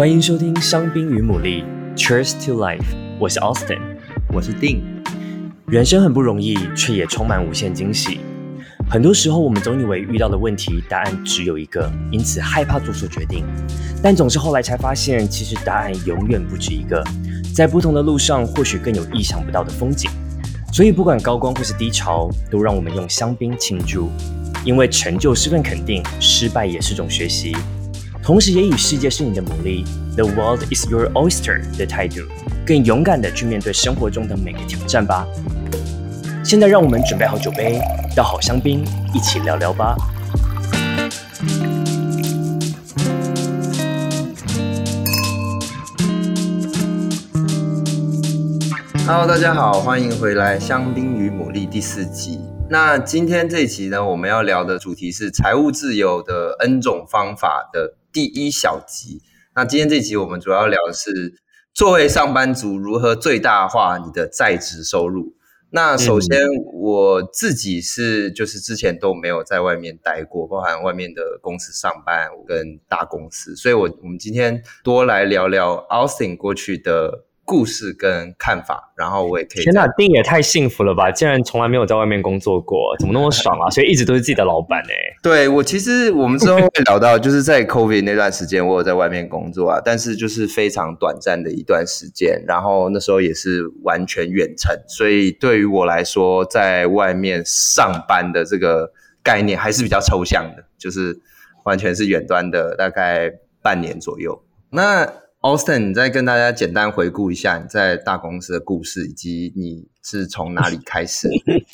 歡迎收聽香檳與牡蠣，Cheers to life！我是 Austin，我是 Ding。人生很不容易，卻也充滿無限驚喜。很多時候，我們總以為遇到的問題答案只有一個，因此害怕做出決定。但總是後來才發現，其實答案永遠不止一個。在不同的路上，或許更有意想不到的風景。所以，不管高光或是低潮，都讓我們用香檳慶祝，因為成就是份肯定，失敗也是種學習。同時也與世界是你的牡蠣，The world is your oyster” 的態度，更勇敢地去面對生活中的每個挑戰吧。現在讓我們準備好酒杯，倒好香檳，一起聊聊吧。Hello，大家好，歡迎回來，《香檳與牡蠣》第四集。那今天這一集呢，我們要聊的主題是財務自由的 N 種方法的第一小集。那今天這一集我們主要聊的是，作為上班族如何最大化你的在職收入。那首先我自己是，就是之前都沒有在外面待過，包含外面的公司上班跟大公司，所以我我們今天多來聊聊 Alston 過去的。故事跟看法，然後我也可以。天哪，Dean 也太幸福了吧！竟然從來沒有在外面工作過，怎麼那麼爽啊？ 所以一直都是自己的老闆哎、欸。對，我其實我們之後會聊到， 就是在 COVID 那段時間我有在外面工作啊，但是就是非常短暫的一段時間，然後那時候也是完全遠程，所以對於我來說，在外面上班的這個概念還是比較抽象的，就是完全是遠端的，大概半年左右。那 Alston，你再跟大家簡單回顧一下你在大公司的故事，以及你是從哪裡開始。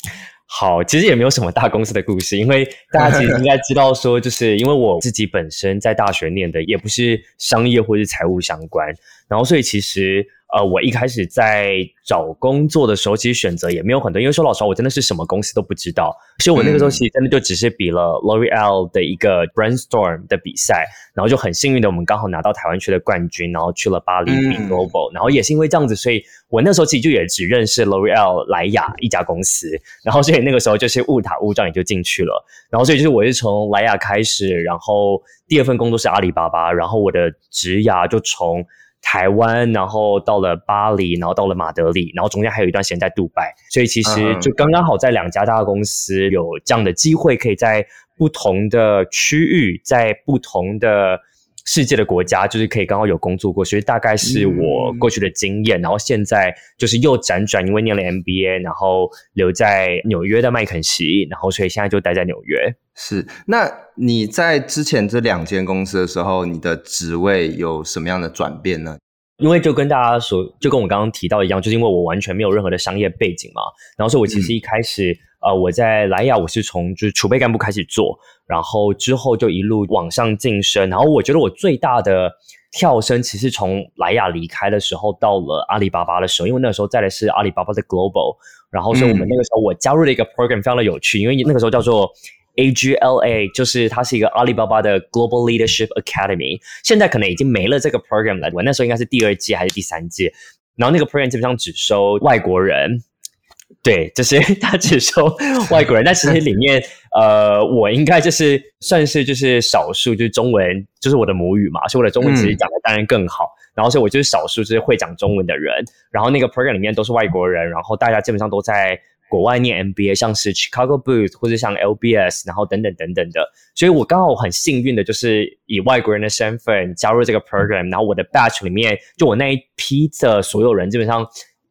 好，其實也沒有什麼大公司的故事，因為大家其實應該知道，說就是因為我自己本身在大學唸的也不是商業或是財務相關，然後所以其實。呃，我一開始在找工作的時候，其實選擇也沒有很多，因為說老實話，我真的是什麼公司都不知道。所以我那個時候其實真的就只是比了 L'Oreal 的一個 Brainstorm 的比賽，然後就很幸運的我們剛好拿到台灣區的冠軍，然後去了巴黎 Be Global，然後也是因為這樣子，所以我那時候其實就也只認識 L'Oreal 萊雅一家公司，然後所以那個時候就是誤打誤撞也就進去了，然後所以就是我是從萊雅開始，然後第二份工作是阿里巴巴，然後我的職涯就從。台灣，然後到了巴黎，然後到了馬德里，然後中間還有一段時間在杜拜，所以其實就剛剛好在兩家大公司有這樣的機會，可以在不同的區域，在不同的。世界的國家就是可以剛好有工作過，所以大概是我過去的經驗，嗯、然後現在就是又輾轉，因為念了 MBA，然後留在紐約的麥肯錫，然後所以現在就待在紐約。是，那你在之前這兩間公司的時候，你的職位有什麼樣的轉變呢？因為就跟大家所，就跟我剛剛提到一樣，就是因為我完全沒有任何的商業背景嘛，然後所以我其實一開始、嗯。呃，我在萊雅，我是從就是儲備幹部開始做，然後之後就一路往上晉升。然後我覺得我最大的跳升，其實從萊雅離開的時候到了阿里巴巴的時候，因為那個時候在的是阿里巴巴的 Global，然後是我們那個時候我加入了一個 program，非常的有趣，嗯。因為那個時候叫做 AGLA，就是它是一個阿里巴巴的 Global Leadership Academy。現在可能已經沒了這個 program 了，我那時候應該是第二屆還是第三屆。然後那個 program 基本上只收外國人。對，就是他只收外國人，但其實裡面， 呃，我應該就是算是就是少數，就是中文就是我的母語嘛，所以我的中文其實講的當然更好。嗯。然後，所以我就是少數就是會講中文的人。然後，那個 program 裡面都是外國人，然後大家基本上都在國外念 MBA，像是 Chicago Booth 或者像 LBS，然後等等等等的。所以我剛好很幸運的就是以外國人的身份加入這個 program，然後我的 batch 裡面就我那一批的所有人基本上。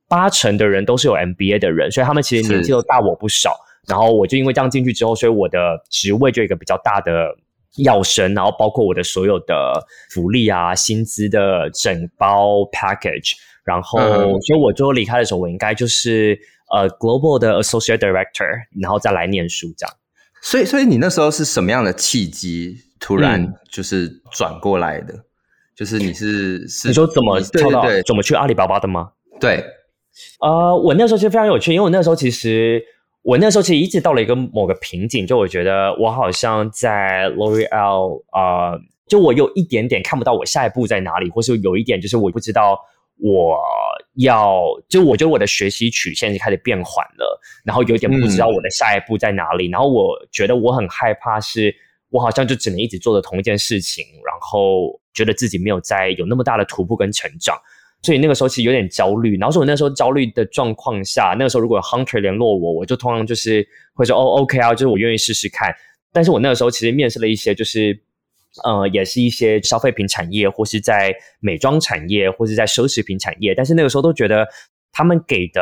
八成的人都是有 MBA 的人，所以他們其實年紀都大我不少。是然後我就因為這樣進去之後，所以我的職位就有一個比較大的躍升，然後包括我的所有的福利啊、薪資的整包 package。然後，嗯、所以，我最後離開的時候，我應該就是呃，global 的 associate director，然後再來念書這樣。所以，所以你那時候是什麼樣的契機，突然就是轉過來的？嗯、就是你是，是你說怎麼跳到，對對對，怎麼去阿里巴巴的嗎？對。呃，uh，我那時候其實非常有趣，因為我那時候其實，我那時候其實一直到了一個某個瓶頸，就我覺得我好像在 L'Oreal，呃、uh，就我有一點點看不到我下一步在哪裡，或是有一點就是我不知道我要，就我覺得我的學習曲線就開始變緩了，然後有點不知道我的下一步在哪裡，嗯、然後我覺得我很害怕是，是我好像就只能一直做著同一件事情，然後覺得自己沒有再有那麼大的突破跟成長。所以那個時候其實有點焦慮，然後是我那時候焦慮的狀況下，那個時候如果有 Hunter 聯絡我，我就通常就是會說哦 OK 啊，就是我願意試試看。但是我那個時候其實面試了一些，就是呃也是一些消費品產業，或是在美妝產業，或是在奢侈品產業。但是那個時候都覺得他們給的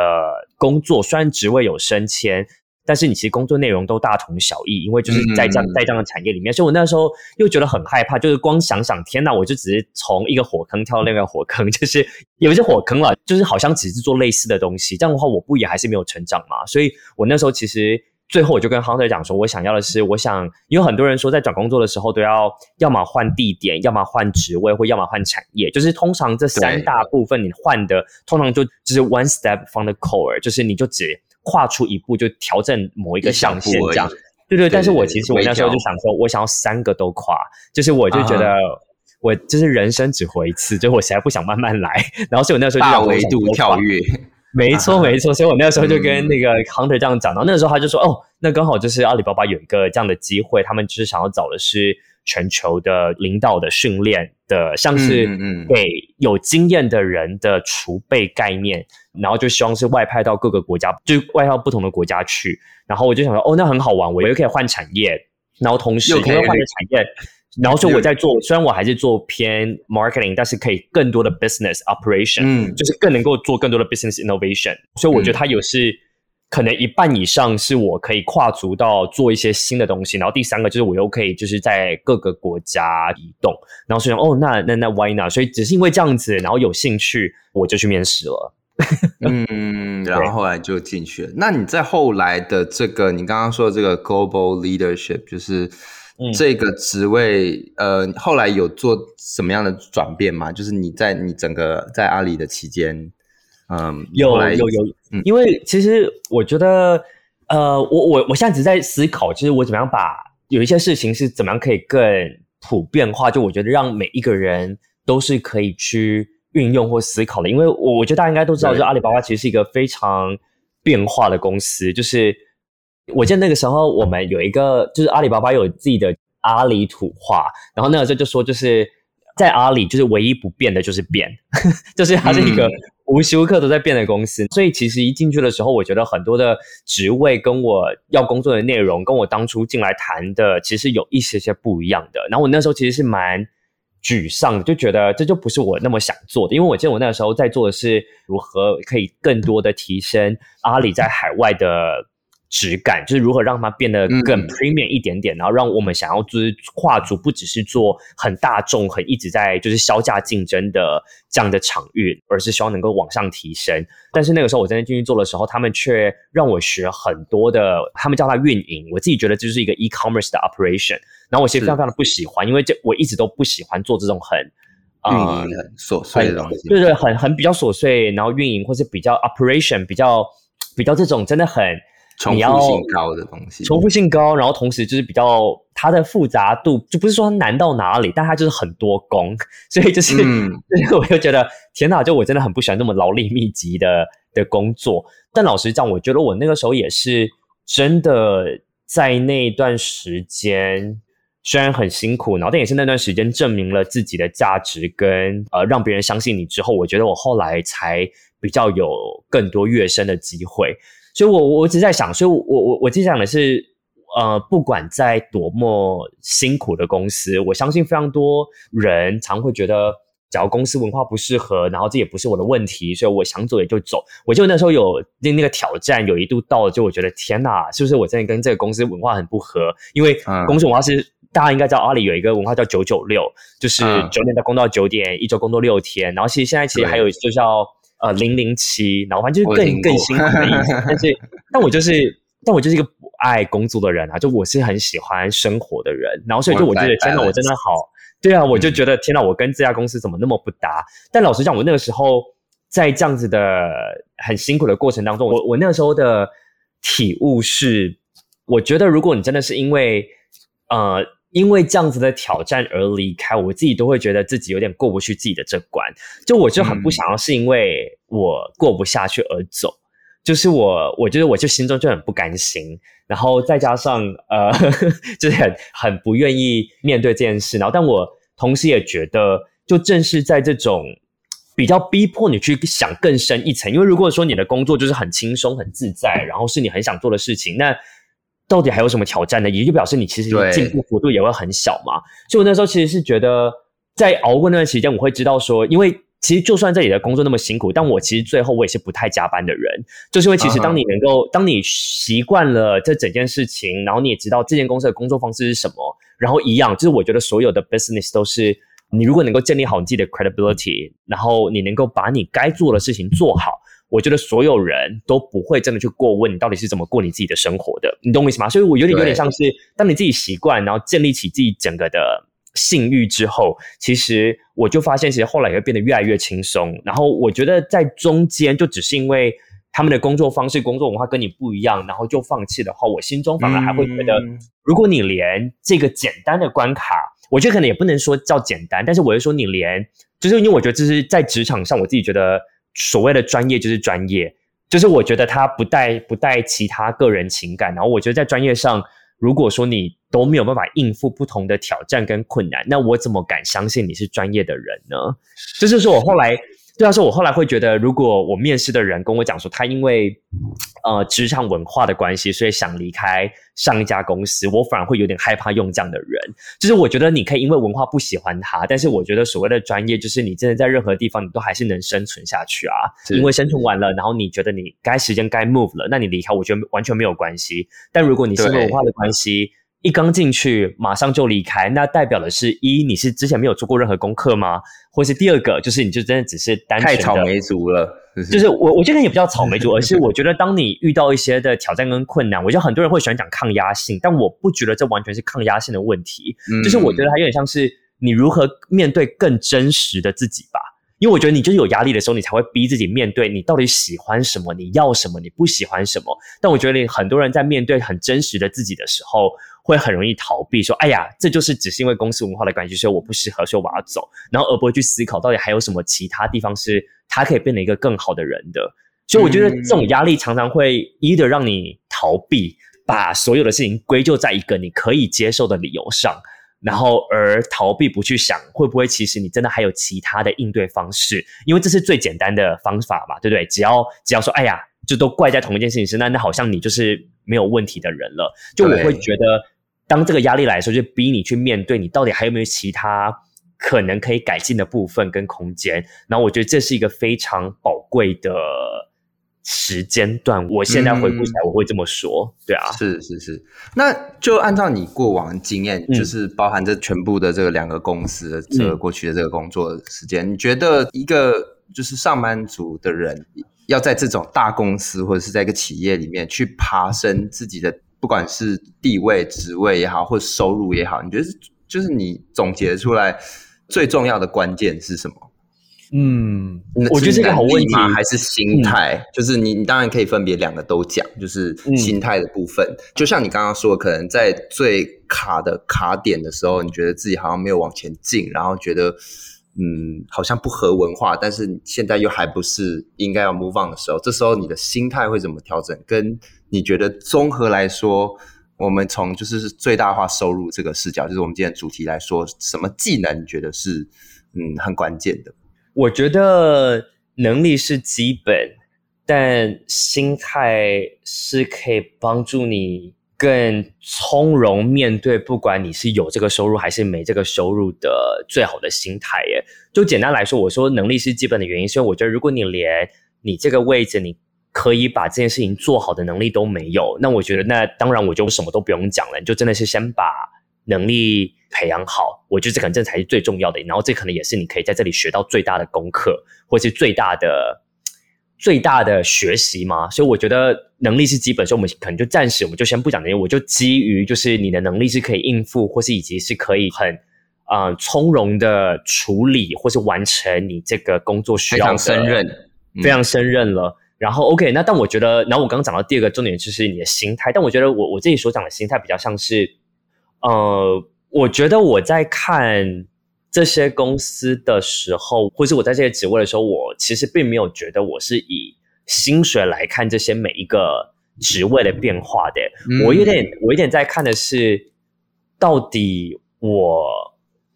工作雖然職位有升遷。但是你其實工作內容都大同小異，因為就是在這樣、嗯、在這樣的產業裡面，所以我那時候又覺得很害怕，就是光想想，天哪！我就只是從一個火坑跳到另外一個火坑，就是也不是火坑了，就是好像只是做類似的東西。這樣的話，我不也還是沒有成長嘛？所以我那時候其實最後我就跟亨特講說，我想要的是，我想，因為很多人說在轉工作的時候都要要麼換地點，要麼換職位，或要麼換產業，就是通常這三大部分你換的，對通常就就是 one step from the core，就是你就只。跨出一步就調整某一個象限，這樣，對，對對。對，但是我其實我那時候就想說，我想要三個都跨，對對對，就是我就覺得我就是人生只活一次，uh huh. 就我實在不想慢慢來。然後，所以我那時候就想大維度跳躍， 沒錯沒錯。所以我那時候就跟那個 hunter 這樣講，uh huh. 然後那個時候他就說，哦，那剛好就是阿里巴巴有一個這樣的機會，他們就是想要找的是。全球的領導的訓練的，像是給有經驗的人的儲備概念，然後就希望是外派到各個國家，就外派到不同的國家去。然後我就想說，哦，那很好玩，我又可以換產業，然後同時又可以換個產業。然後說我在做，雖然我還是做偏 marketing，但是可以更多的 business operation，就是更能夠做更多的 business innovation。所以我覺得它有是。可能一半以上是我可以跨足到做一些新的東西，然後第三個就是我又可以就是在各個國家移動，然後說哦那那那 Why not？所以只是因為這樣子，然後有興趣我就去面試了， 嗯，然後後來就進去了。對那你在後來的這個你剛剛說的這個 Global Leadership，就是這個職位，嗯、呃，後來有做什麼樣的轉變嗎？就是你在你整個在阿里的期間。嗯，um, 有來有有，因為其實我覺得，嗯、呃，我我我現在只在思考，就是我怎麼樣把有一些事情是怎麼樣可以更普遍化，就我覺得讓每一個人都是可以去運用或思考的。因為我我覺得大家應該都知道，對就是阿里巴巴其實是一個非常變化的公司。就是我記得那個時候，我們有一個，嗯、就是阿里巴巴有自己的阿裡土話，然後那個時候就說，就是在阿里，就是唯一不變的就是變，就是它是一個。嗯無時無刻都在變的公司，所以其實一進去的時候，我覺得很多的職位跟我要工作的內容，跟我當初進來談的其實有一些些不一樣的。然後我那時候其實是蠻沮喪，就覺得這就不是我那麼想做的，因為我記得我那個時候在做的是如何可以更多的提升阿里在海外的。質感就是如何讓它變得更 premium 一點點，嗯、然後讓我們想要就是跨足不只是做很大眾、很一直在就是削價競爭的這樣的場域，而是希望能夠往上提升。但是那個時候我在那進去做的時候，他們卻讓我學很多的，他們叫它運營，我自己覺得就是一個 e commerce 的 operation。然後我其實非常非常的不喜歡，是因為這我一直都不喜歡做這種很啊、嗯嗯、瑣碎的東西，對對，就是、很很比較瑣碎，然後運營或是比較 operation，比較比較這種真的很，重複性高的東西，重複性高，嗯、然後同時就是比較它的複雜度，就不是說它難到哪裡，但它就是很多工，所以就是，嗯、就是我就覺得，天吶，就我真的很不喜歡那麼勞力密集的的工作。但老實講，我覺得我那個時候也是真的在那段時間，雖然很辛苦，然後但也是那段時間證明了自己的價值跟，呃，讓別人相信你之後，我覺得我後來才比較有更多躍升的機會。所以我，我我一直在想，所以我，我我我經想的是，呃，不管在多麼辛苦的公司，我相信非常多人常會覺得，只要公司文化不適合，然後這也不是我的問題，所以我想走也就走。我就那時候有那那個挑戰，有一度到了，就我覺得天哪，是不是我真的跟這個公司文化很不合？因為公司文化是、嗯、大家應該知道，阿、啊、里有一個文化叫九九六，就是九點到工作九點，嗯、一周工作六天。然後其實現在其實還有就是零零七，呃、7，然後反正就是更更辛苦一點， 但是，但我就是，但我就是一個不愛工作的人啊，就我是很喜歡生活的人，然後所以就我覺得，天哪，我真的好，對啊，我就覺得、嗯、天哪，我跟這家公司怎麼那麼不搭？但老實講，我那個時候在這樣子的很辛苦的過程當中，我我那時候的體悟是，我覺得如果你真的是因為呃。因為這樣子的挑戰而離開，我自己都會覺得自己有點過不去自己的這關。就我就很不想要是因為我過不下去而走，嗯、就是我，我覺得我就心中就很不甘心。然後再加上呃， 就是很很不願意面對這件事。然後但我同時也覺得，就正是在這種比較逼迫你去想更深一層。因為如果說你的工作就是很輕鬆、很自在，然後是你很想做的事情，那到底還有什麼挑戰呢？也就表示你其實進步的幅度也會很小嘛。對所以，我那時候其實是覺得，在熬過那段時間，我會知道說，因為其實就算這裡的工作那麼辛苦，但我其實最後我也是不太加班的人，就是因為其實當你能夠，uh huh. 當你習慣了這整件事情，然後你也知道這間公司的工作方式是什麼，然後一樣，就是我覺得所有的 business 都是你如果能夠建立好你自己的 credibility，然後你能夠把你該做的事情做好。我覺得所有人都不會真的去過問你到底是怎麼過你自己的生活的，你懂我意思嗎？所以，我有點有點像是當你自己習慣，對然後建立起自己整個的信譽之後，其實我就發現，其實後來也會變得越來越輕鬆。然後，我覺得在中間就只是因為他們的工作方式、工作文化跟你不一樣，然後就放棄的話，我心中反而還會覺得，如果你連這個簡單的關卡，嗯、我覺得可能也不能說叫簡單，但是我就說你連，就是因為我覺得這是在職場上，我自己覺得。所謂的專業就是專業，就是我覺得他不帶不帶其他個人情感，然後我覺得在專業上，如果說你都沒有辦法應付不同的挑戰跟困難，那我怎麼敢相信你是專業的人呢？就是說我後來。對啊，所以我後來會覺得，如果我面試的人跟我講說他因為呃職場文化的關係，所以想離開上一家公司，我反而會有點害怕用這樣的人。就是我覺得你可以因為文化不喜歡他，但是我覺得所謂的專業，就是你真的在任何地方你都還是能生存下去啊。因為生存完了，然後你覺得你該時間該 move 了，那你離開我覺得完全沒有關係。但如果你是文化的關係，一剛進去馬上就離開，那代表的是一，你是之前沒有做過任何功課嗎？或是第二個就是你就真的只是單純的太草莓族了，就是，就是我我這個人也不叫草莓族，而是我覺得當你遇到一些的挑戰跟困難， 我覺得很多人會喜歡講抗壓性，但我不覺得這完全是抗壓性的問題，嗯，就是我覺得它有點像是你如何面對更真實的自己吧。因為我覺得你就是有壓力的時候，你才會逼自己面對你到底喜歡什麼，你要什麼，你不喜歡什麼。但我覺得很多人在面對很真實的自己的時候，會很容易逃避，說：“哎呀，這就是只是因為公司文化的關係，所以我不適合，所以我要走。”然後而不會去思考到底還有什麼其他地方是他可以變成一個更好的人的。所以我覺得這種壓力常常會 either 讓你逃避，把所有的事情歸咎在一個你可以接受的理由上。然後而逃避不去想，會不會其實你真的還有其他的應對方式？因為這是最簡單的方法嘛，對不對？只要只要說，哎呀，就都怪在同一件事情上，那那好像你就是沒有問題的人了。就我會覺得，當這個壓力來說就逼你去面對，你到底還有沒有其他可能可以改進的部分跟空間？然後我覺得這是一個非常寶貴的。時間段，我現在回顧起來，嗯，我會這麼說，對啊，是是是。那就按照你過往經驗，嗯、就是包含這全部的這個兩個公司的這個過去的這個工作時間，嗯、你覺得一個就是上班族的人要在這種大公司或者是在一個企業裡面去爬升自己的，不管是地位、職位也好，或者收入也好，你覺得就是你總結出來最重要的關鍵是什麼？嗯，是我覺得這個好問題，還是心態。嗯、就是你，你當然可以分別兩個都講，就是心態的部分，嗯、就像你剛剛說的，可能在最卡的卡點的時候，你覺得自己好像沒有往前進，然後覺得嗯，好像不合文化，但是現在又還不是應該要 move on 的時候，這時候你的心態會怎麼調整？跟你覺得綜合來說，我們從就是最大化收入這個視角，就是我們今天的主題來說，什麼技能你覺得是嗯很關鍵的？我覺得能力是基本，但心態是可以幫助你更從容面對，不管你是有這個收入還是沒這個收入的最好的心態耶。耶就簡單來說，我說能力是基本的原因，所以，我覺得如果你連你這個位置，你可以把這件事情做好的能力都沒有，那我覺得那當然我就什麼都不用講了，你就真的是先把能力。培養好，我覺得這可能這才是最重要的。然後這可能也是你可以在這裡學到最大的功課，或是最大的、最大的學習嘛。所以我覺得能力是基本，所以我們可能就暫時我們就先不講這些。我就基於就是你的能力是可以應付，或是以及是可以很啊、呃、從容的處理，或是完成你這個工作需要。非常勝任，嗯、非常勝任了。然後 OK，那但我覺得，然後我剛剛講到第二個重點就是你的心態。但我覺得我我自己所講的心態比較像是呃。我覺得我在看這些公司的時候，或是我在這些職位的時候，我其實並沒有覺得我是以薪水來看這些每一個職位的變化的。嗯、我有點，我有點在看的是，到底我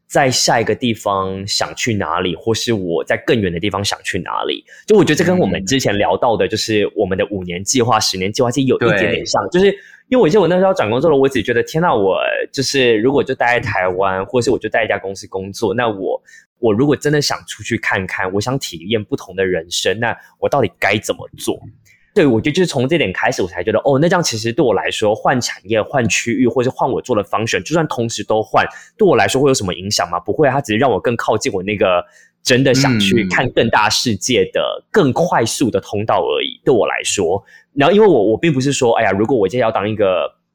在下一個地方想去哪裡，或是我在更遠的地方想去哪裡。就我覺得這跟我們之前聊到的，就是我們的五年計劃、嗯、十年計劃，其實有一點點像，對就是。因為我記得我那時候要轉工作了，我只覺得天哪！我就是如果就待在台灣，嗯、或是我就待在一家公司工作，那我我如果真的想出去看看，我想體驗不同的人生，那我到底該怎麼做？嗯、對，我覺得就是從這點開始，我才覺得哦，那這樣其實對我來說，換產業、換區域，或是換我做的 function，就算同時都換，對我來說會有什麼影響嗎？不會、啊，它只是讓我更靠近我那個真的想去看更大世界的、更快速的通道而已。嗯嗯對我來說，然後因為我我並不是說，哎呀，如果我今天要當一個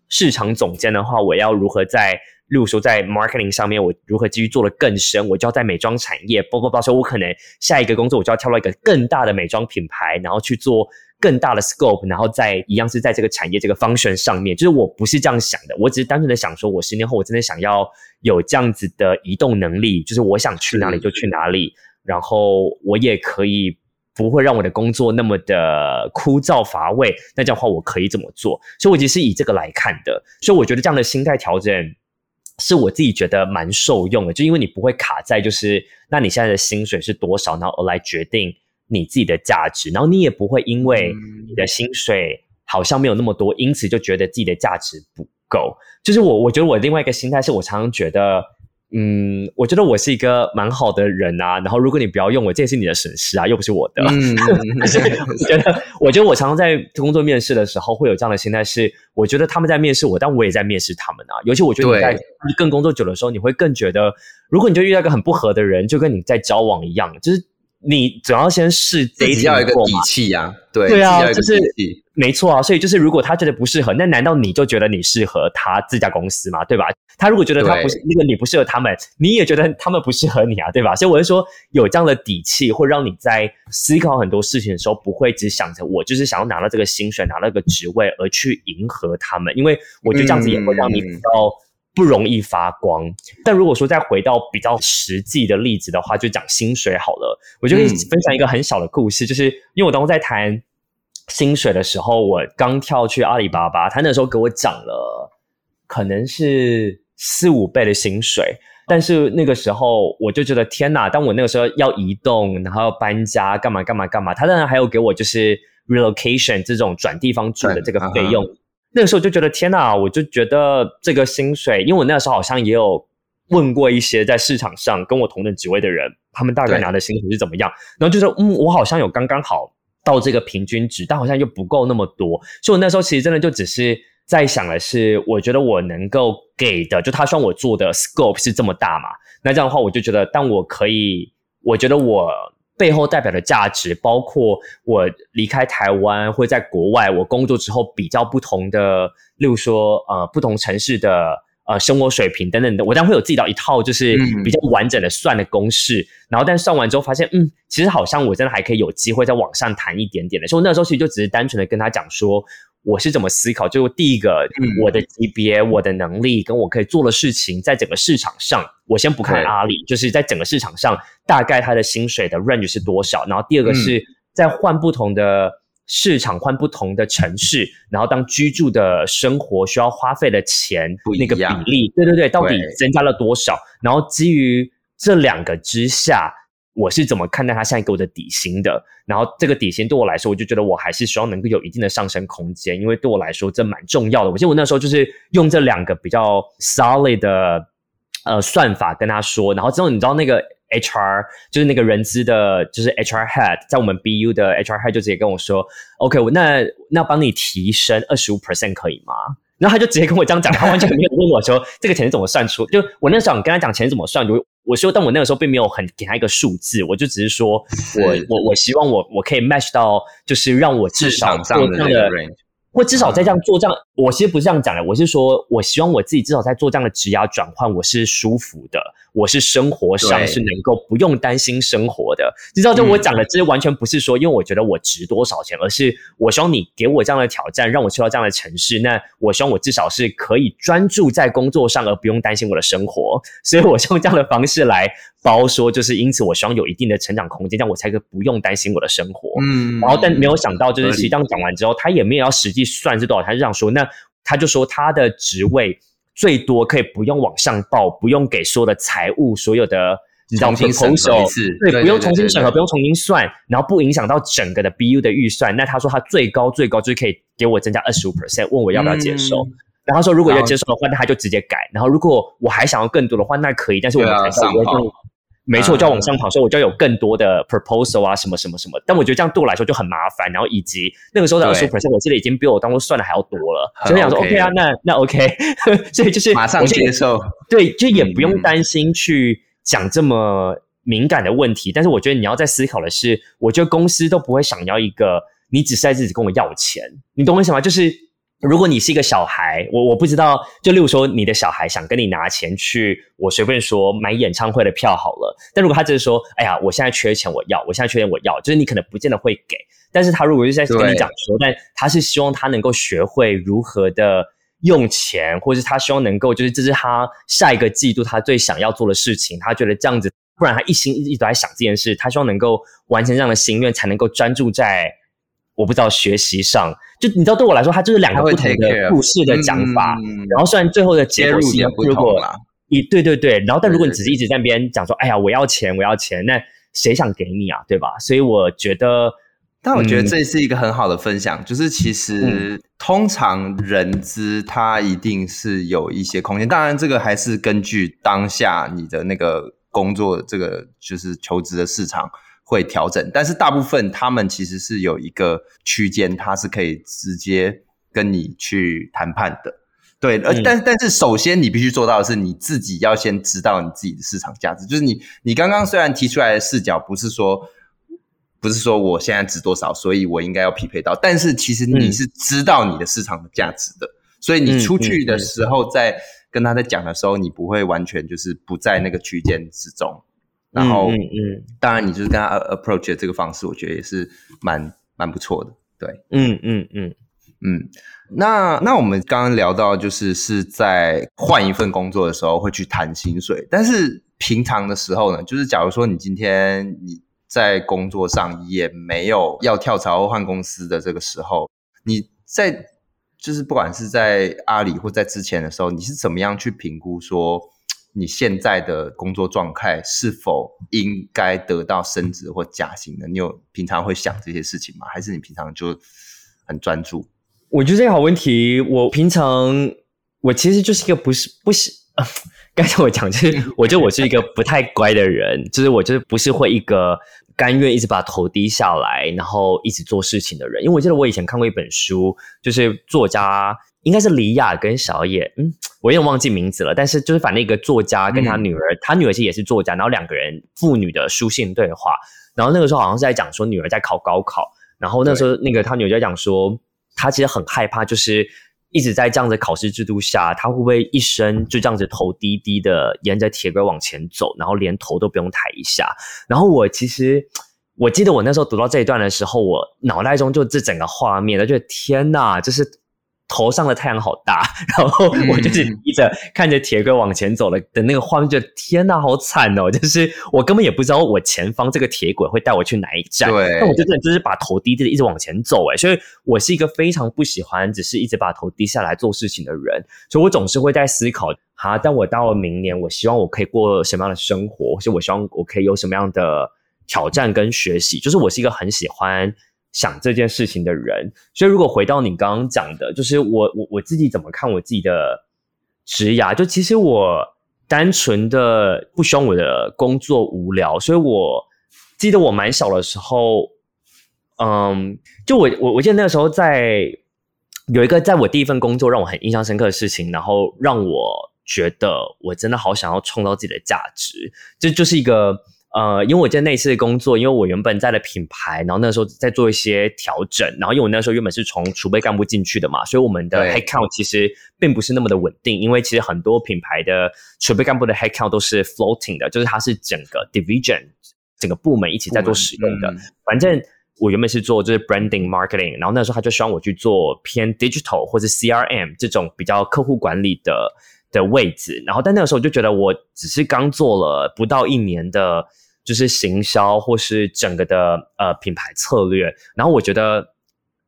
市場總監的話，我要如何在，例如說在 marketing 上面，我如何繼續做得更深？我就要在美妝產業，包括到時候我可能下一個工作，我就要跳到一個更大的美妝品牌，然後去做更大的 scope，然後在一樣是在這個產業這個 function 上面，就是我不是這樣想的，我只是單純的想說，我十年後我真的想要有這樣子的移動能力，就是我想去哪裡就去哪裡，嗯、然後我也可以。不會讓我的工作那麼的枯燥乏味，那這樣的話我可以怎麼做，所以我其實以這個來看的，所以我覺得這樣的心態調整是我自己覺得蠻受用的，就因為你不會卡在就是那你現在的薪水是多少，然後而來決定你自己的價值，然後你也不會因為你的薪水好像沒有那麼多，因此就覺得自己的價值不夠，就是我我覺得我另外一個心態是我常常覺得。嗯，我覺得我是一個蠻好的人啊。然後，如果你不要用我，這也是你的損失啊，又不是我的。嗯， 覺得我覺得我常常在工作面試的時候會有這樣的心態是，是我覺得他們在面試我，但我也在面試他們啊。尤其我覺得你在你更工作久的時候，對你會更覺得，如果你就遇到一個很不合的人，就跟你在交往一樣，就是。你總要先試這一，需要一個底氣呀、啊，對，對啊，就是沒錯啊。所以就是，如果他覺得不適合，那難道你就覺得你適合他這家公司嗎？對吧？他如果覺得他不是，因為對你不適合他們，你也覺得他們不適合你啊，對吧？所以我就說，有這樣的底氣，會讓你在思考很多事情的時候，不會只想着我就是想要拿到這個薪水，拿到這個職位，而去迎合他們，因為我覺得這樣子也會讓、嗯、你比較。不容易發光，但如果說再回到比較實際的例子的話，就講薪水好了。我就可以分享一個很小的故事，嗯、就是因為我當時在談薪水的時候，我剛跳去阿里巴巴，他那時候給我漲了可能是四五倍的薪水，但是那個時候我就覺得天哪！當我那個時候要移動，然後要搬家，幹嘛幹嘛幹嘛，他當然還有給我就是 relocation 這種轉地方住的這個費用。那時候就覺得天吶，我就覺得這個薪水，因為我那時候好像也有問過一些在市場上跟我同等職位的人，他們大概拿的薪水是怎麼樣。對然後就是，嗯，我好像有剛剛好到這個平均值，但好像又不夠那麼多。所以，我那時候其實真的就只是在想的是，我覺得我能夠給的，就他希望我做的 scope 是這麼大嘛。那這樣的話，我就覺得，但我可以，我覺得我。背後代表的價值，包括我離開台灣或在國外，我工作之後比較不同的，例如說，呃，不同城市的。呃，生活水平等等的，我當然會有自己的一套，就是比較完整的算的公式。嗯、然後，但算完之後發現，嗯，其實好像我真的還可以有機會再往上談一點點的。所以我那時候其實就只是單純的跟他講說，我是怎麼思考。就第一個，嗯、我的級別、我的能力跟我可以做的事情，在整個市場上，我先不看阿里，對就是在整個市場上大概他的薪水的 range 是多少。然後第二個是再換不同的。嗯市場換不同的城市， 然後當居住的生活需要花費的錢，那個比例，對對對，到底增加了多少？對然後基於這兩個之下，我是怎麼看待他現在給我的底薪的？然後這個底薪對我來說，我就覺得我還是希望能夠有一定的上升空間，因為對我來說這蠻重要的。我記得我那時候就是用這兩個比較 solid 的呃算法跟他說，然後之後你知道那個。H R 就是那個人資的，就是 H R Head 在我們 B U 的 H R Head 就直接跟我說：“OK，那那幫你提升二十五 percent 可以嗎？”然後他就直接跟我這樣講，他完全沒有問我說 這個錢怎麼算出。就我那時候，想跟他講錢怎麼算出，就我說，但我那個時候並沒有很給他一個數字，我就只是說我我我希望我我可以 match 到，就是讓我至少這樣、那個、的。那或至少在這樣做這樣，嗯、我其實不是這樣講的，我是說，我希望我自己至少在做這樣的職涯轉換，我是舒服的，我是生活上是能夠不用擔心生活的。你對、嗯、知道，就我講的，這完全不是說，因為我覺得我值多少錢，嗯、而是我希望你給我這樣的挑戰，讓我去到這樣的城市。那我希望我至少是可以專注在工作上，而不用擔心我的生活。所以我希望這樣的方式來包說，就是因此我希望有一定的成長空間，這樣我才可以不用擔心我的生活。嗯，然後但沒有想到，就是其實這樣講完之後，嗯、他也沒有要實際。算是多少？他是這樣說。那他就說他的職位最多可以不用往上報，不用給所有的財務所有的重新保對，不用重新審核，不用重新算，然後不影響到整個的 BU 的預算。那他說他最高最高就是可以給我增加二十五 percent，問我要不要接受。嗯、然後他說如果要接受的話，後那他就直接改。然後如果我還想要更多的話，那可以，但是我們還是要。沒錯，我就要往上跑，啊、所以我就要有更多的 proposal 啊，什麼什麼什麼。但我覺得這樣對我來說就很麻煩，然後以及那個時候的二十五 %，e r 我現在已經比我當初算的還要多了。就那好想說 okay，OK 啊，那那 OK， 所以就是就馬上接受，對，就也不用擔心去講這麼敏感的問題。嗯、但是我覺得你要在思考的是，我覺得公司都不會想要一個你只是在自己跟我要錢，你懂我意思嗎？就是。如果你是一個小孩，我我不知道，就例如說，你的小孩想跟你拿錢去，我隨便說買演唱會的票好了。但如果他只是說，哎呀，我現在缺錢，我要，我現在缺錢，我要，就是你可能不見得會給。但是他如果是在跟你講說，對但他是希望他能夠學會如何的用錢，或者是他希望能夠，就是這是他下一個季度他最想要做的事情，他覺得這樣子，不然他一心一意都在想這件事，他希望能夠完成這樣的心願，才能夠專注在。我不知道學習上，就你知道對我來說，它就是兩個不同的故事的講法。嗯、然後雖然最後的結果也不同了，一對對對，然後但如果你只是一直在那邊講說，對對對，哎呀，我要錢，我要錢，那誰想給你啊，對吧？所以我覺得，但我覺得這是一個很好的分享，嗯、就是其實通常人資它一定是有一些空間，當然這個還是根據當下你的那個工作，這個就是求職的市場。會調整，但是大部分他們其實是有一個區間，它是可以直接跟你去談判的。對，而但、嗯、但是首先你必須做到的是，你自己要先知道你自己的市場價值。就是你你剛剛雖然提出來的視角不是說不是說我現在值多少，所以我應該要匹配到，但是其實你是知道你的市場的價值的，嗯、所以你出去的時候在跟他在講的時候，嗯、你不會完全就是不在那個區間之中。然後，嗯嗯，當然，你就是跟他 approach 的這個方式，我覺得也是蠻蠻不錯的，對，嗯嗯嗯嗯。那那我們剛剛聊到，就是是在換一份工作的時候會去談薪水，但是平常的時候呢，就是假如說你今天你在工作上也沒有要跳槽或換公司的這個時候，你在就是不管是在阿里或在之前的時候，你是怎麼樣去評估說，你現在的工作狀態是否應該得到升職或加薪呢？你有平常會想這些事情嗎？還是你平常就很專注？我覺得這個好問題。我平常我其實就是一個不是不是啊，該、呃、剛才我講就是，我覺得我是一個不太乖的人， 就是我就是不是會一個甘願一直把頭低下來，然後一直做事情的人，因為我記得我以前看過一本書，就是作家，應該是李亞跟小野，嗯，我也忘記名字了。但是就是反正一個作家跟他女兒，嗯、他女兒其實也是作家，然後兩個人父女的書信對話。然後那個時候好像是在講說女兒在考高考，然後那時候那個他女兒就在講說，對她其實很害怕，就是一直在這樣子考試制度下，她會不會一生就這樣子頭低低的沿着鐵軌往前走，然後連頭都不用抬一下。然後我其實我記得我那時候讀到這一段的時候，我腦袋中就這整個畫面，我就覺得天哪，就是。頭上的太陽好大，然後我就是一直看着鐵軌往前走了，等、嗯、那個畫面就天哪、啊，好慘哦！就是我根本也不知道我前方這個鐵軌會帶我去哪一站。那對我真的就是把頭低着一直往前走哎，所以我是一個非常不喜歡只是一直把頭低下來做事情的人，所以我總是會在思考啊，但我到了明年，我希望我可以過什麼樣的生活，所以我希望我可以有什麼樣的挑戰跟學習。就是我是一個很喜歡。想這件事情的人，所以如果回到你剛剛講的，就是我我我自己怎麼看我自己的職涯，就其實我單純的不希望我的工作無聊。所以我記得我蠻小的時候，嗯，就我我我記得那個時候在有一個在我第一份工作讓我很印象深刻的事情，然後讓我覺得我真的好想要創造自己的價值，這就，就是一個。呃，因為我在那次的工作，因為我原本在了品牌，然後那時候在做一些調整，然後因為我那時候原本是從儲備幹部進去的嘛，所以我們的 headcount 其實並不是那麼的穩定，對因為其實很多品牌的儲備幹部的 headcount 都是 floating 的，就是它是整個 division 整個部門一起在做使用的。嗯、反正我原本是做就是 branding marketing，然後那時候他就希望我去做偏 digital 或是 CRM 這種比較客戶管理的的位置，然後但那個時候我就覺得我只是剛做了不到一年的。就是行銷或是整個的呃品牌策略，然後我覺得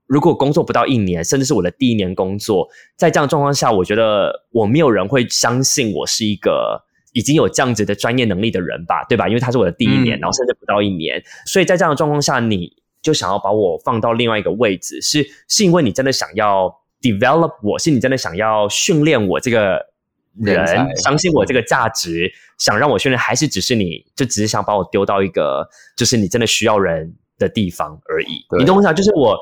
如果工作不到一年，甚至是我的第一年工作，在這樣的狀況下，我覺得我沒有人會相信我是一個已經有這樣子的專業能力的人吧，對吧？因為他是我的第一年，嗯。然後甚至不到一年，所以在這樣的狀況下，你就想要把我放到另外一個位置，是是因為你真的想要 develop 我，是你真的想要訓練我這個？人，人才相信我這個價值，嗯、想讓我訓練，還是只是你，就只是想把我丟到一個，就是你真的需要人的地方而已。對你懂我意思？就是我，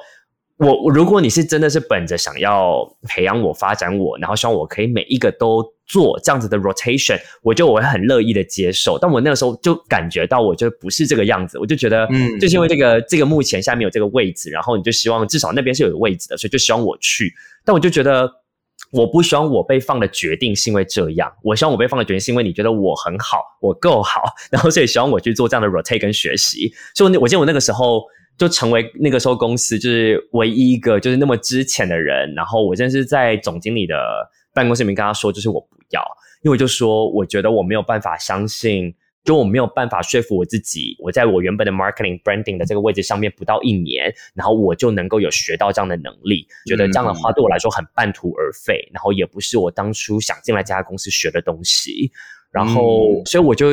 我，如果你是真的是本着想要培養我、發展我，然後希望我可以每一個都做這樣子的 rotation，我就我會很樂意的接受。但我那個時候就感覺到，我就不是這個樣子，我就覺得，嗯，就是因為這個、嗯、這個目前下面有這個位置，然後你就希望至少那邊是有位置的，所以就希望我去。但我就覺得。我不希望我被放的決定是因為這樣，我希望我被放的決定是因為你覺得我很好，我夠好，然後所以希望我去做這樣的 rotate 跟學習。所以我記得我，我那個時候就成為那個時候公司就是唯一一個就是那麼之前的人，然後我真的是在總經理的辦公室裡面跟他說，就是我不要，因為我就說我覺得我沒有辦法相信。就我沒有辦法說服我自己，我在我原本的 marketing branding 的這個位置上面不到一年，然後我就能夠有學到這樣的能力，覺得這樣的話對我來說很半途而廢，然後也不是我當初想進來這家公司學的東西，然後所以我就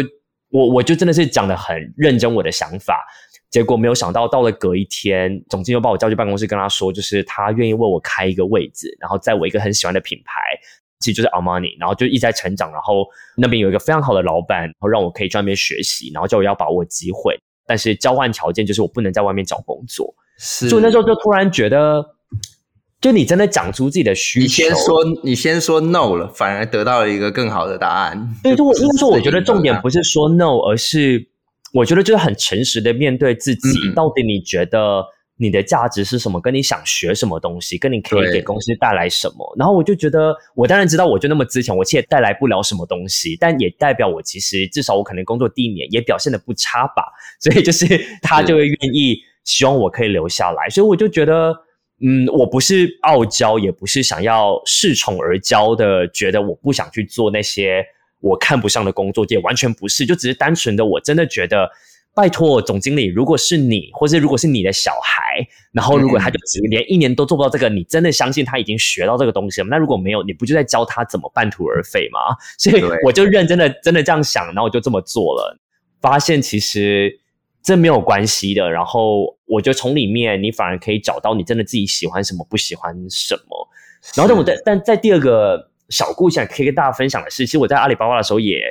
我我就真的是講得很認真我的想法，結果沒有想到到了隔一天，總經又把我叫去辦公室跟他說，就是他願意為我開一個位置，然後在我一個很喜歡的品牌。其實就是阿瑪尼，然後就一直在成長，然後那邊有一個非常好的老闆，然後讓我可以專門學習，然後叫我要把握機會，但是交換條件就是我不能在外面找工作。是，就那時候就突然覺得，就你真的講出自己的需求，你先說你先說 no 了，反而得到了一個更好的答案。對，因為說，我覺得重點不是說 no，而是我覺得就是很誠實的面對自己，嗯、到底你覺得。你的價值是什麼？跟你想學什麼東西？跟你可以給公司帶來什麼？對然後我就覺得，我當然知道，我就那麼值錢，我其實也帶來不了什麼東西，但也代表我其實至少我可能工作第一年也表現得不差吧。所以就是他就會願意希望我可以留下來。對所以我就覺得，嗯，我不是傲嬌，也不是想要恃寵而驕的，覺得我不想去做那些我看不上的工作，這也完全不是，就只是單純的我真的覺得。拜託，總經理，如果是你，或是如果是你的小孩，然後如果他就連一年都做不到這個，你真的相信他已經學到這個東西了嗎？那如果沒有，你不就在教他怎麼半途而廢嗎？所以我就認真的、真的這樣想，然後我就這麼做了，發現其實這沒有關係的。然後我覺得從裡面，你反而可以找到你真的自己喜歡什麼，不喜歡什麼。然後，但我在但、但在第二個小故事可以跟大家分享的是，其實我在阿里巴巴的時候也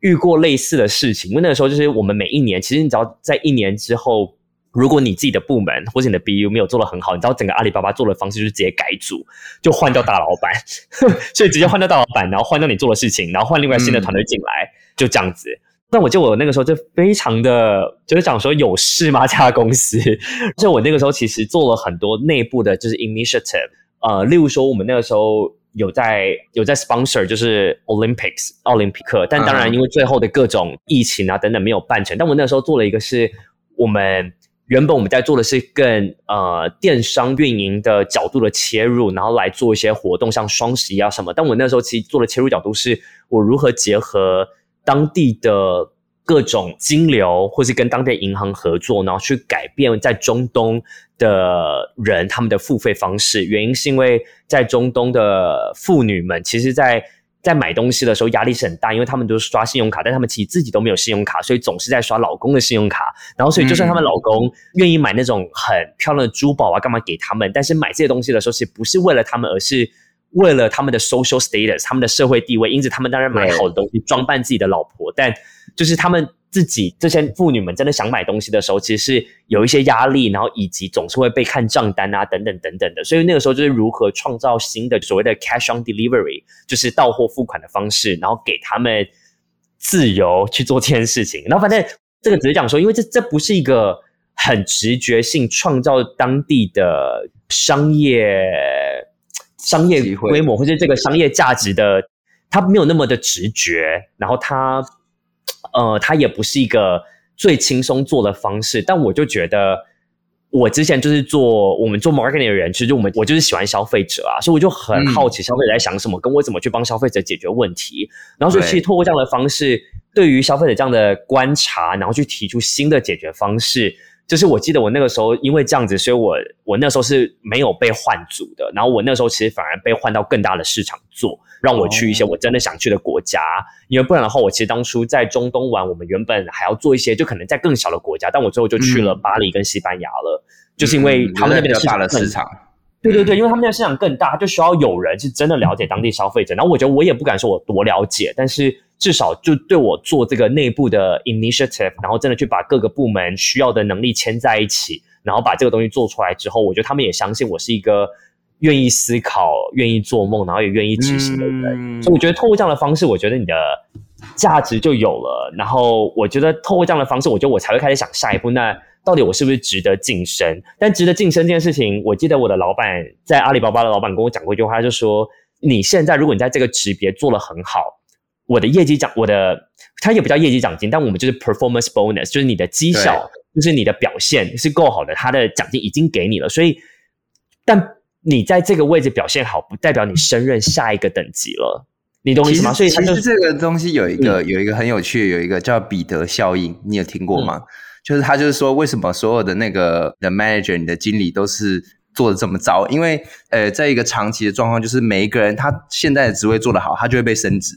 遇過類似的事情，因為那個時候就是我們每一年，其實你只要在一年之後，如果你自己的部門或者你的 BU 沒有做得很好，你知道整個阿里巴巴做的方式就是直接改組，就換掉大老闆， 所以直接換掉大老闆，然後換掉你做的事情，然後換另外新的團隊進來，嗯、就這樣子。但我就我那個時候就非常的就是想說有事嗎？這家公司？就我那個時候其實做了很多內部的就是 initiative 呃，例如說我們那個時候。有在有在 sponsor 就是 Olympics, Olympics 奧林匹克，但當然因為最後的各種疫情啊等等沒有辦成。但我那時候做了一個是，我們原本我們在做的是更呃電商運營的角度的切入，然後來做一些活動，像雙十一啊什麼。但我那時候其實做的切入的角度是，我如何結合當地的。各種金流，或是跟當地銀行合作，然後去改變在中東的人他們的付費方式。原因是因為在中東的婦女們，其實在，在在買東西的時候壓力是很大，因為他們都是刷信用卡，但他們其實自己都沒有信用卡，所以總是在刷老公的信用卡。然後，所以就算他們老公願意買那種很漂亮的珠寶啊，幹嘛給他們，但是買這些東西的時候，其實不是為了他們，而是為了他們的 social status，他們的社會地位，因此他們當然買好的東西對裝扮自己的老婆，但。就是他們自己這些婦女們真的想買東西的時候，其實是有一些壓力，然後以及總是會被看賬單啊，等等等等的。所以那個時候就是如何創造新的所謂的 cash on delivery，就是到貨付款的方式，然後給他們自由去做這件事情。然後反正這個只是講說，因為這這不是一個很直覺性創造當地的商業商業規模會或者這個商業價值的，它沒有那麼的直覺，然後它。呃，它也不是一個最輕鬆做的方式，但我就覺得，我之前就是做我們做 marketing 的人，其實我們我就是喜歡消費者啊，所以我就很好奇消費者在想什麼，嗯、跟我怎麼去幫消費者解決問題，然後就去透過這樣的方式，對，對於消費者這樣的觀察，然後去提出新的解決方式。就是我記得我那個時候，因為這樣子，所以我我那時候是沒有被換組的。然後我那時候其實反而被換到更大的市場做，讓我去一些我真的想去的國家。哦、因為不然的話，我其實當初在中東玩，我們原本還要做一些，就可能在更小的國家。但我最後就去了巴黎跟西班牙了，嗯、就是因為他們那邊的市場更、嗯、原來比較大的市場。對對對，因為他們那邊市場更大，就需要有人是真的了解當地消費者。然後我覺得我也不敢說我多了解，但是。至少就對我做這個內部的 initiative，然後真的去把各個部門需要的能力牽在一起，然後把這個東西做出來之後，我覺得他們也相信我是一個願意思考、願意做夢，然後也願意執行的人。嗯。所以我覺得透過這樣的方式，我覺得你的價值就有了。然後我覺得透過這樣的方式，我覺得我才會開始想下一步，那到底我是不是值得晉升？但值得晉升這件事情，我記得我的老闆在阿里巴巴的老闆跟我講過一句話，他就說，你現在如果你在這個級別做得很好。我的業績獎，我的它也不叫業績獎金，但我們就是 performance bonus，就是你的績效，對就是你的表現是夠好的，他的獎金已經給你了。所以，但你在這個位置表現好，不代表你升任下一個等級了。你懂我意思嗎？實所以其實這個東西有一個、嗯、有一個很有趣的，有一個叫彼得效應，你有聽過嗎？嗯、就是他就是說，為什麼所有的那個的 manager 你的經理都是做得這麼糟？因為，呃，在一個長期的狀況，就是每一個人他現在的職位做得好，他就會被升職。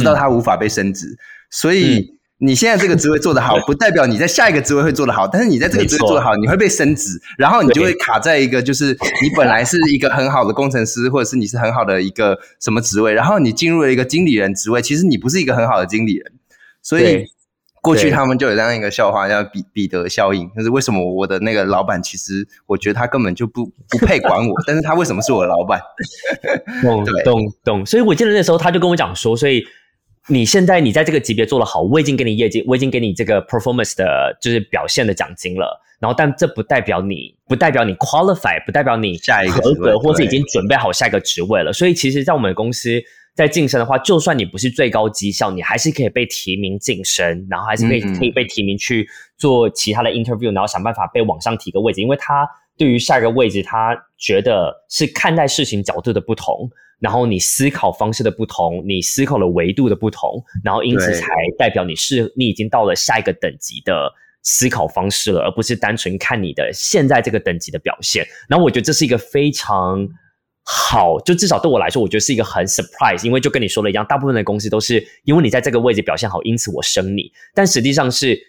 知道他無法被升職，所以你現在這個職位做得好，不代表你在下一個職位會做得好。但是你在這個職位做得好，你會被升職，然後你就會卡在一個，就是你本來是一個很好的工程師，或者是你是很好的一個什麼職位，然後你進入了一個經理人職位，其實你不是一個很好的經理人。所以過去他們就有這樣一個笑話，叫“彼彼得效應”，就是為什麼我的那個老板，其實我覺得他根本就不不配管我，但是他為什麼是我的老板？ 懂懂懂。所以我記得那時候他就跟我講說，所以。你現在你在這個級別做得好，我已經給你業績，我已經給你這個 performance 的就是表現的獎金了。然後，但這不代表你，不代表你 qualify，不代表你下一個合格，或是已經準備好下一個職位了。對所以，其實，在我們公司在晉升的話，就算你不是最高績效，你還是可以被提名晉升，然後還是可以、嗯、可以被提名去做其他的 interview，然後想辦法被往上提個位置。因為他對於下一個位置，他覺得是看待事情角度的不同。然後你思考方式的不同，你思考的維度的不同，然後因此才代表你是你已經到了下一個等級的思考方式了，而不是單純看你的現在這個等級的表現。然後我覺得這是一個非常好，就至少對我來說，我覺得是一個很 surprise，因為就跟你說了一樣，大部分的公司都是因為你在這個位置表現好，因此我升你，但實際上是。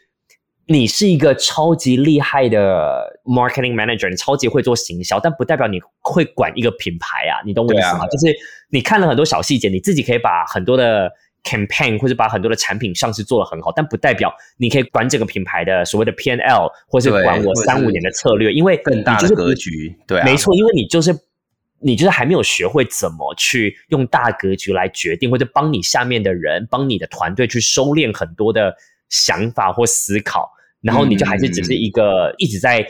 你是一個超級厲害的 marketing manager，你超級會做行銷，但不代表你會管一個品牌啊，你懂我意思嗎？啊、就是你看了很多小細節，你自己可以把很多的 campaign 或者把很多的產品上市做得很好，但不代表你可以管整個品牌的所謂的 PNL 或是管我三五年的策略，更大因為你就是更大格局，對、啊，沒錯，因為你就是你就是還沒有學會怎麼去用大格局來決定，或者幫你下面的人，幫你的團隊去收斂很多的想法或思考。然後你就還是只是一個一直在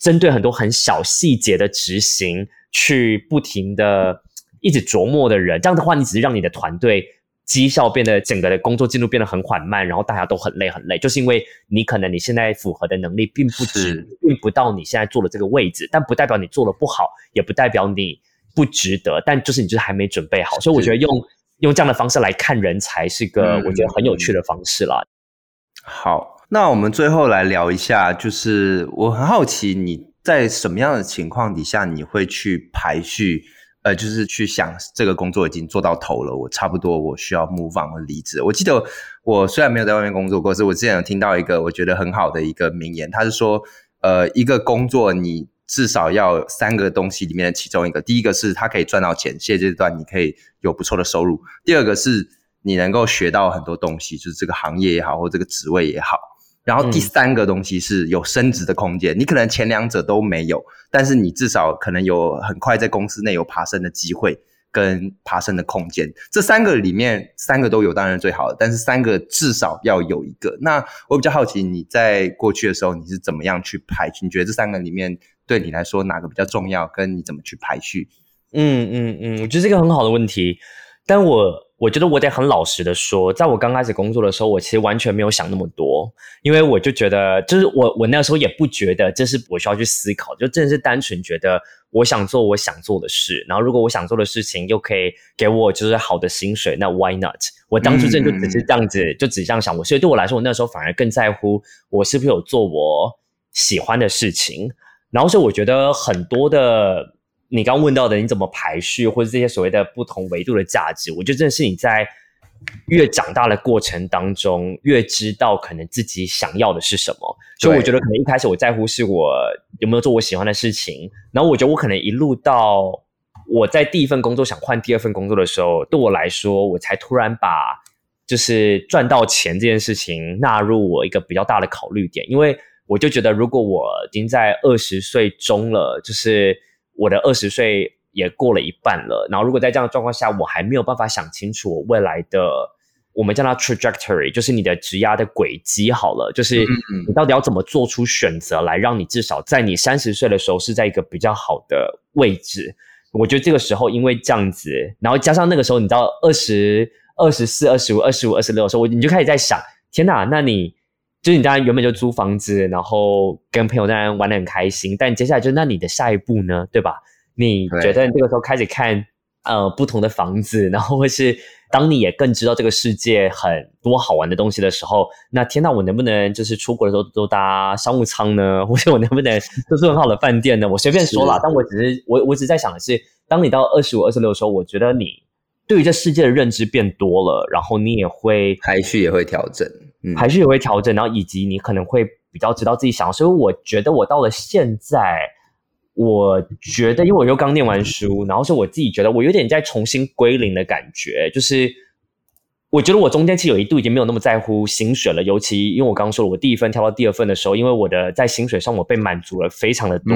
針對很多很小細節的執行，去不停的一直琢磨的人。這樣的話，你只是讓你的團隊績效變得整個的工作進度變得很緩慢，然後大家都很累很累，就是因為你可能你現在符合的能力並不止，並不到你現在坐的這個位置。但不代表你做的不好，也不代表你不值得。但就是你就是還沒準備好。所以我覺得用用這樣的方式來看人才，是個我覺得很有趣的方式啦。是是 好。那我們最後來聊一下，就是我很好奇你在什麼樣的情況底下，你會去排序，呃，就是去想這個工作已經做到頭了，我差不多我需要 move on 和離職。我記得我雖然沒有在外面工作過，是我之前有聽到一個我覺得很好的一個名言，他是說，呃，一個工作你至少要三個東西裡面的其中一個，第一個是它可以賺到錢，現階段你可以有不錯的收入；第二個是你能夠學到很多東西，就是這個行業也好或這個職位也好。然後第三個東西是有升值的空間，你可能前兩者都沒有，但是你至少可能有很快在公司內有爬升的機會跟爬升的空間。這三個裡面三個都有當然最好，但是三個至少要有一個。那我比較好奇你在過去的時候你是怎麼樣去排？你覺得這三個裡面對你來說哪個比較重要？跟你怎麼去排序？嗯，嗯嗯嗯，我覺得是一個很好的問題，但我。我覺得我得很老實的說，在我剛開始工作的時候，我其實完全沒有想那麼多，因為我就覺得，就是我我那時候也不覺得這是我需要去思考，就真的是單純覺得我想做我想做的事。然後如果我想做的事情又可以給我就是好的薪水，那 why not？我當初真的就只是這樣子，嗯、就只這樣想。我所以對我來說，我那時候反而更在乎我是不是有做我喜歡的事情。然後所以我覺得很多的。你剛問到的，你怎麼排序，或者這些所謂的不同維度的價值，我覺得真的是你在越長大的過程當中，越知道可能自己想要的是什麼。對所以我覺得可能一開始我在乎是我有沒有做我喜歡的事情，然後我覺得我可能一路到我在第一份工作想換第二份工作的時候，對我來說，我才突然把就是賺到錢這件事情納入我一個比較大的考慮點，因為我就覺得如果我已經在二十歲中了，就是。我的二十歲也過了一半了，然後如果在這樣的狀況下，我還沒有辦法想清楚我未來的，我們叫它 trajectory，就是你的職業的軌跡好了，就是你到底要怎麼做出選擇來，讓你至少在你三十歲的時候是在一個比較好的位置。我覺得這個時候因為這樣子，然後加上那個時候，你到二十二十四、二十五、二十五、二十六的時候，我你就開始在想，天哪，那你。就是你當然原本就租房子，然後跟朋友當然玩的很開心，但接下來就，那你的下一步呢，對吧？你覺得這個時候開始看對呃，不同的房子，然後或是當你也更知道這個世界很多好玩的東西的時候，那天吶，我能不能就是出國的時候都搭商務艙呢？或者我能不能都是很好的飯店呢？我隨便說啦是但我只是我我只是在想的是，當你到二十五、二十六的時候，我覺得你。對於這世界的認知變多了，然後你也會排序也會調整，嗯，排序也會調整，然後以及你可能會比較知道自己想要。所以我覺得我到了現在，我覺得因為我又剛念完書，嗯、然後是我自己覺得我有點在重新歸零的感覺。就是我覺得我中間其實有一度已經沒有那麼在乎薪水了，尤其因為我剛剛說了，我第一份跳到第二份的時候，因為我的在薪水上我被滿足了非常的多，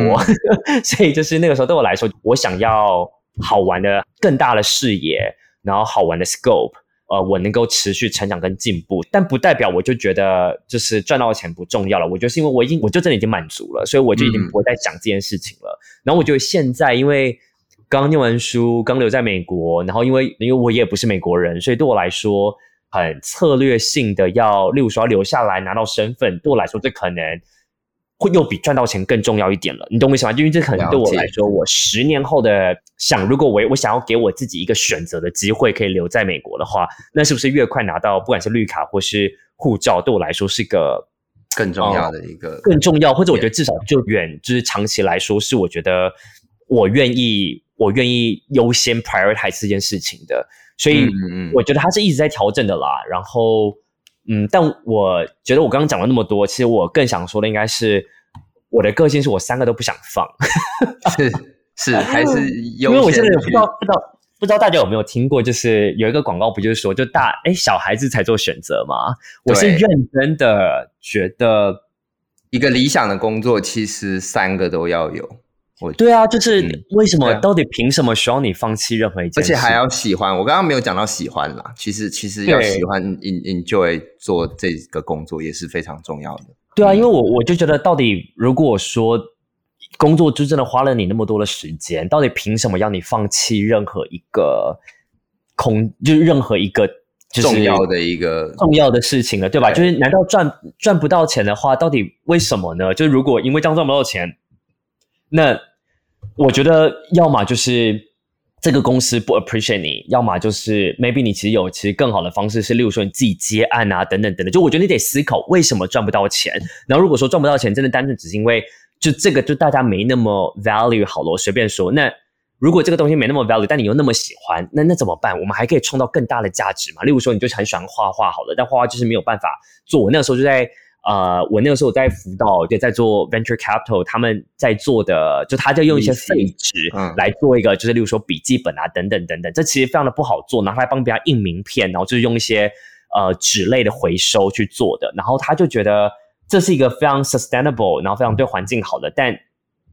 嗯、 所以就是那個時候對我來說，我想要。好玩的更大的視野，然後好玩的 scope，呃，我能夠持續成長跟進步，但不代表我就覺得就是賺到錢不重要了。我就是因為我已經，我就真的已經滿足了，所以我就已經不會再想這件事情了。嗯、然後我覺得現在因為剛念完書，剛留在美國，然後因為因為我也不是美國人，所以對我來說，很策略性的要，例如說要留下來拿到身份，對我來說這可能。會又比賺到錢更重要一點了，你懂我意思嗎？因為這可能對我來說，我，我十年後的想，如果我我想要給我自己一個選擇的機會，可以留在美國的話，那是不是越快拿到，不管是綠卡或是護照，對我來說是個更重要的一個、哦，更重要，或者我覺得至少就遠也就是長期來說，是我覺得我願意我願意優先 prioritize 這件事情的，所以我覺得它是一直在調整的啦，嗯嗯，然後。嗯，但我覺得我剛剛講了那麼多，其實我更想說的應該是我的個性是我三個都不想放， 是是還是有，因為我現在也不知道不知道不知道大家有沒有聽過，就是有一個廣告不就是說就大哎、欸、小孩子才做選擇嘛，對我是認真的覺得一個理想的工作其實三個都要有。對啊，就是為什麼、嗯啊、到底憑什麼需要你放棄任何一件，而且還要喜歡，我剛剛沒有講到喜歡啦。其實其實要喜歡，enjoy 就會做這個工作也是非常重要的。對啊，嗯、因為我我就覺得，到底如果說工作就真的花了你那麼多的時間，到底憑什麼要你放棄任何一個空，就是任何一個重要的一個，重要的，一個重要的事情了，對吧？對，就是難道賺賺不到錢的話，到底為什麼呢？就是如果因為這樣賺不到錢，那我覺得，要麼就是這個公司不 appreciate 你，要麼就是 maybe 你其實有其實更好的方式是，是例如說你自己接案啊，等等等等。就我覺得你得思考為什麼賺不到錢。然後如果說賺不到錢，真的單純只是因為就這個就大家沒那麼 value 好了。我隨便說，那如果這個東西沒那麼 value，但你又那麼喜歡，那那怎麼辦？我們還可以創造更大的價值嘛？例如說，你就是很喜歡畫畫好了，但畫畫就是沒有辦法做。我那個時候就在。呃，我那個時候我在輔導，就在做 venture capital，他們在做的就他就用一些廢紙來做一個，嗯、就是例如說筆記本啊，等等等等，這其實非常的不好做，拿來幫別人印名片，然後就是用一些呃紙類的回收去做的，然後他就覺得這是一個非常 sustainable，然後非常對環境好的，但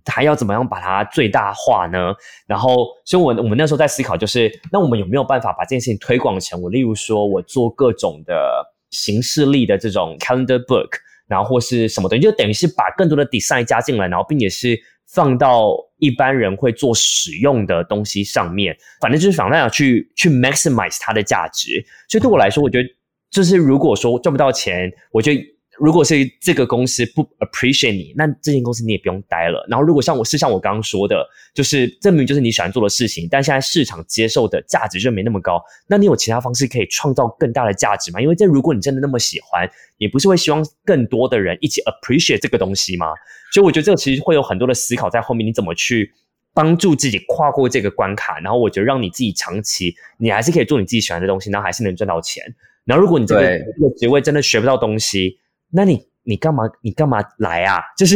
還要怎麼樣把它最大化呢？然後所以我，我我們那時候在思考，就是那我們有沒有辦法把這件事情推廣成我，例如說我做各種的。形式力的這種 calendar book，然後或是什麼東西，就等於是把更多的 design 加進來，然後並且是放到一般人會做使用的東西上面，反正就是想那樣去去 maximize 它的價值。所以對我來說，我覺得就是如果說賺不到錢，我就。如果是這個公司不 appreciate 你，那這間公司你也不用待了。然後，如果像我是像我剛剛說的，就是證明就是你喜歡做的事情，但現在市場接受的價值就沒那麼高。那你有其他方式可以創造更大的價值嗎？因為這如果你真的那麼喜歡，你不是會希望更多的人一起 appreciate 這個東西嗎？所以我覺得這個其實會有很多的思考在後面，你怎麼去幫助自己跨過這個關卡？然後我覺得讓你自己長期你還是可以做你自己喜歡的東西，然後還是能賺到錢。然後如果你這個職位真的學不到東西，那你你幹嘛你幹嘛來啊？就是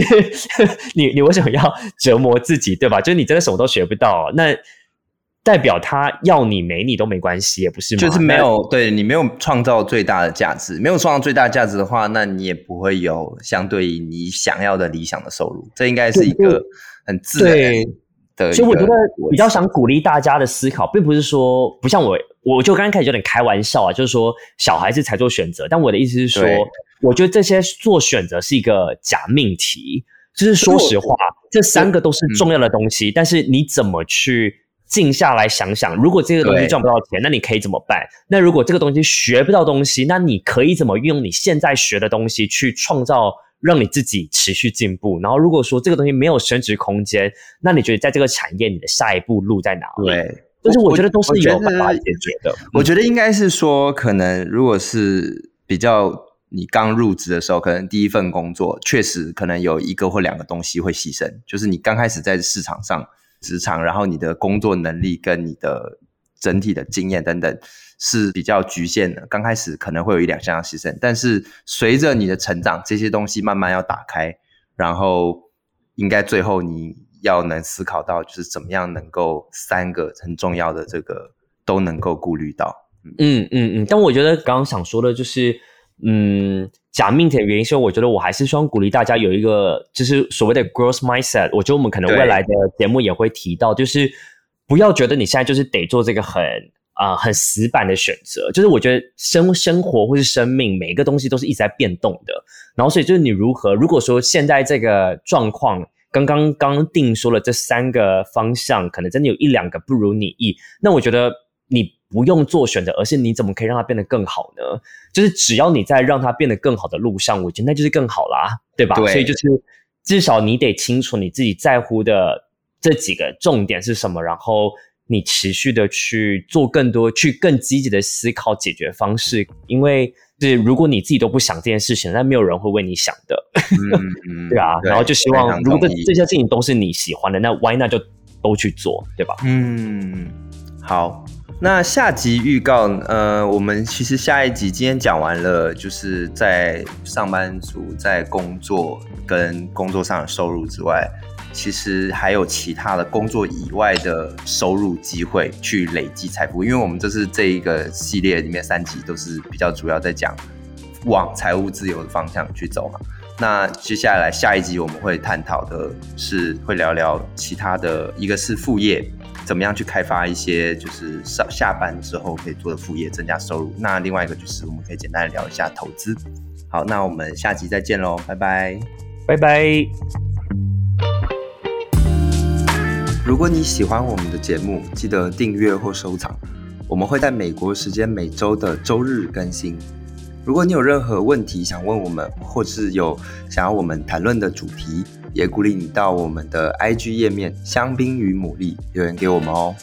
你你為什麼要折磨自己，對吧？就是你真的什麼都學不到哦，那代表他要你沒你都沒關係，也不是嗎？就是沒有，對，你沒有創造最大的價值，沒有創造最大價值的話，那你也不會有相對於你想要的理想的收入，這應該是一個很自然。所以我覺得比較想鼓勵大家的思考，並不是說不像我，我就剛開始有點開玩笑啊，就是說小孩子才做選擇。但我的意思是說，我覺得這些做選擇是一個假命題。就是說實話，這三個都是重要的東西。但是你怎麼去靜下來想想，如果這個東西賺不到錢，那你可以怎麼辦？那如果這個東西學不到東西，那你可以怎麼運用你現在學的東西去創造？讓你自己持續進步。然後，如果說這個東西沒有升職空間，那你覺得在這個產業，你的下一步路在哪裡？對，但是我覺得都是有辦法解決的我。我覺得應該是說，可能如果是比較你剛入職的時候，可能第一份工作確實可能有一個或兩個東西會犧牲，就是你剛開始在市場上職場，然後你的工作能力跟你的。整體的經驗等等是比較局限的。剛開始可能會有一兩項要犧牲，但是隨着你的成長，這些東西慢慢要打開。然後，應該最後你要能思考到，就是怎麼樣能夠三個很重要的這個都能夠顧慮到。嗯嗯嗯。但我覺得剛剛想說的就是，嗯，假命題的原因是，我覺得我還是希望鼓勵大家有一個，就是所謂的 growth mindset。我覺得我們可能未來的節目也會提到，就是。不要覺得你現在就是得做這個很啊、呃、很死板的選擇，就是我覺得生生活或是生命，每一個東西都是一直在變動的。然後所以就是你如何，如果說現在這個狀況剛剛剛定說了這三個方向，可能真的有一兩個不如你意，那我覺得你不用做選擇，而是你怎麼可以讓它變得更好呢？就是只要你在讓它變得更好的路上，我覺得那就是更好啦，對吧？對。所以就是至少你得清楚你自己在乎的，這幾個重點是什麼？然後你持續的去做更多，去更積極的思考解決方式，因為是如果你自己都不想這件事情，那沒有人會為你想的。嗯嗯，嗯 對啊，對，然後就希望如果這這些事情都是你喜歡的，那 Why 那就都去做，對吧？嗯，好，那下集預告，呃，我們其實下一集今天講完了，就是在上班族在工作跟工作上的收入之外。其實還有其他的工作以外的收入機會去累積財富，因為我們就是這一個系列裡面三集都是比較主要在講往財務自由的方向去走嘛。那接下來下一集我們會探討的是，會聊聊其他的，一個是副業，怎麼樣去開發一些就是上下班之後可以做的副業，增加收入。那另外一個就是我們可以簡單聊一下投資。好，那我們下集再見嘍，拜拜，拜拜。如果你喜歡我們的節目，記得訂閱或收藏。我們會在美國時間每週的週日更新。如果你有任何問題想問我們，或是有想要我們談論的主題，也鼓勵你到我們的 IG 頁面“香檳與牡蠣”留言給我們哦。